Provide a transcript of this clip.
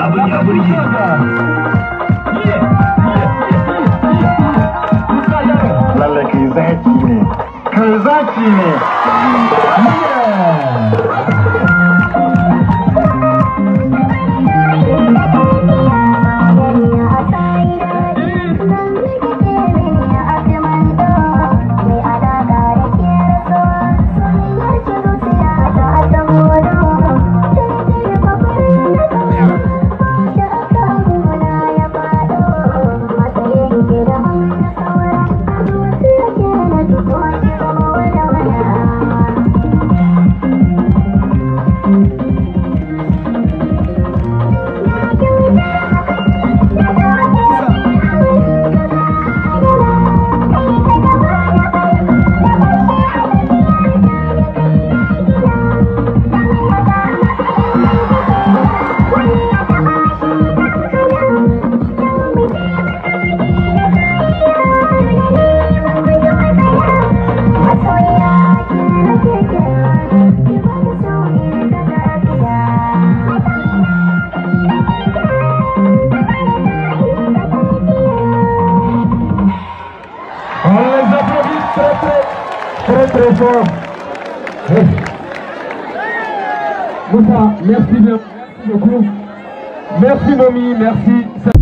aburi aburi lalle yeah très fort. merci, bien, merci beaucoup. Merci Momi, merci.